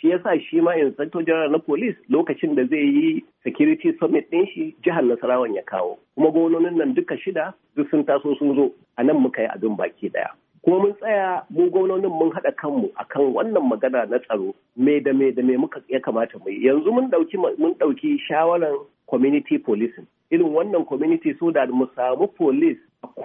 shi ya sa shi ma inspector general na police lokacin da zai yi security summit ɗin shi jihar nasarawan ya kawo kuma gononin nan duka shida duk sun taso sun zo a nan muka yi abin baki daya kuma mun tsaya mu gwamnonin mun haɗa kanmu akan wannan magana na tsaro me da me da me muka ya kamata mu yi yanzu mun ɗauki mun ɗauki shawaran community policing irin wannan community so da mu samu police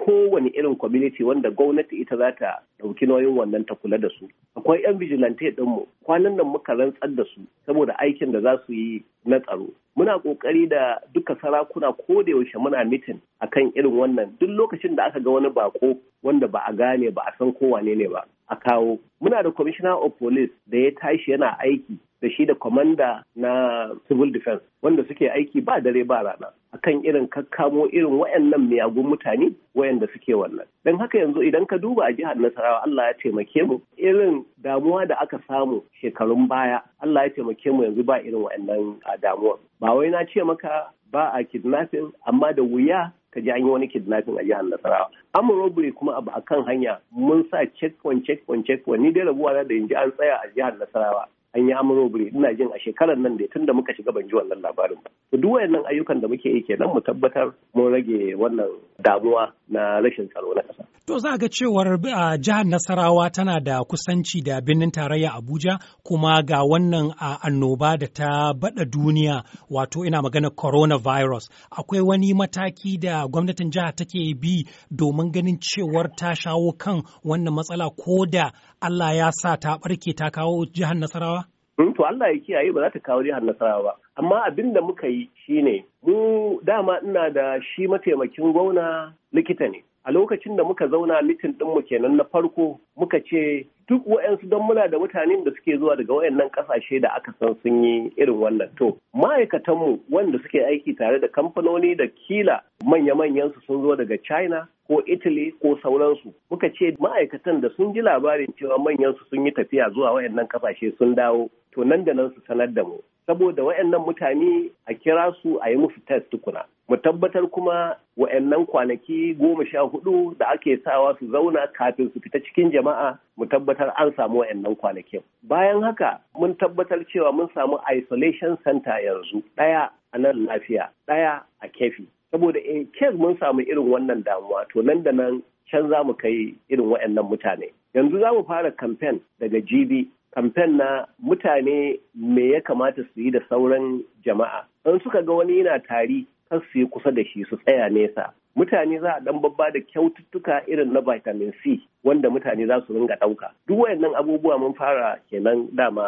kowane irin community wanda gwamnati ita za ta ɗauki nauyin wannan ta kula da su akwai yan vigilante ɗinmu kwanan nan muka rantsar da su saboda aikin da za su yi na tsaro muna kokari da duka sarakuna ko da yaushe muna mitin akan irin wannan duk lokacin da aka ga wani bako wanda ba a gane ba a san ko wane ne ba a kawo muna da commissioner of police da ya tashi yana aiki da shi da kwamanda na civil defense wanda suke aiki ba dare ba rana akan irin kakamo irin wayannan miyagun mutane wayanda suke wannan don haka yanzu idan ka duba a jihar nasarawa Allah ya taimake mu irin damuwa da aka samu shekarun baya Allah ya taimake mu yanzu ba irin wayannan damuwa ba wai na ce maka ba a kidnapping amma da wuya ka ji an yi wani kidnapping a jihar Nasarawa. Amma robbery kuma abu a kan hanya mun sa checkpoint check checkpoint ni dai rabuwa na da in ji an tsaya a jihar Nasarawa an yi amurobure ina jin a shekarar nan da tunda muka shiga ban ji wannan labarin duk wayannan ayyukan da muke yi kenan mu tabbatar mun rage wannan damuwa na rashin tsaro na ƙasa to za ga cewar jihar Nasarawa tana da kusanci da birnin tarayya Abuja kuma ga wannan a annoba da ta bada duniya wato ina magana coronavirus akwai wani mataki da gwamnatin jiha take bi domin ganin cewar ta shawo kan wannan matsala ko da Allah ya sa ta barke ta kawo jihar Nasarawa in mm, to Allah ya kiyaye ba za ta kawo jihar Nasarawa ba amma abin da muka yi shine mu dama ina da shi mataimakin gwauna likita ne a lokacin da muka zauna mitin ɗinmu kenan na farko muka ce duk wa'yansu don muna da mutanen da suke zuwa daga wayannan ƙasashe da aka san sun yi irin wannan to ma'aikatanmu wanda suke aiki tare da kamfanoni da kila manya-manyansu sun zo daga china ko italy ko sauransu muka ce ma'aikatan da sun ji labarin cewa manyansu sun yi tafiya zuwa wayannan ƙasashe sun dawo to nan da nan su sanar da mu saboda wayannan mutane a kira su a yi musu test tukuna mu tabbatar kuma wa'annan kwanaki goma sha hudu da ake sawa su zauna kafin su fita cikin jama'a mu tabbatar an samu wa'annan kwanakin bayan haka mun tabbatar cewa mun samu isolation center yanzu ɗaya a nan lafiya ɗaya a kefi saboda in eh, kes mun samu irin wannan damuwa to nan da nan can za mu kai irin wa'annan mutane yanzu za mu fara kamfen daga gb kamfen na mutane me ya kamata su yi da sauran jama'a in suka ga wani yana tari har su yi kusa da shi su tsaya nesa mutane za a dan babba da kyaututtuka irin na vitamin C wanda mutane za su ringa ɗauka. Duk wayannan abubuwa mun fara kenan dama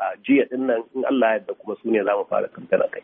a jiya din in Allah ya yarda kuma su ne za mu fara kamfen kai.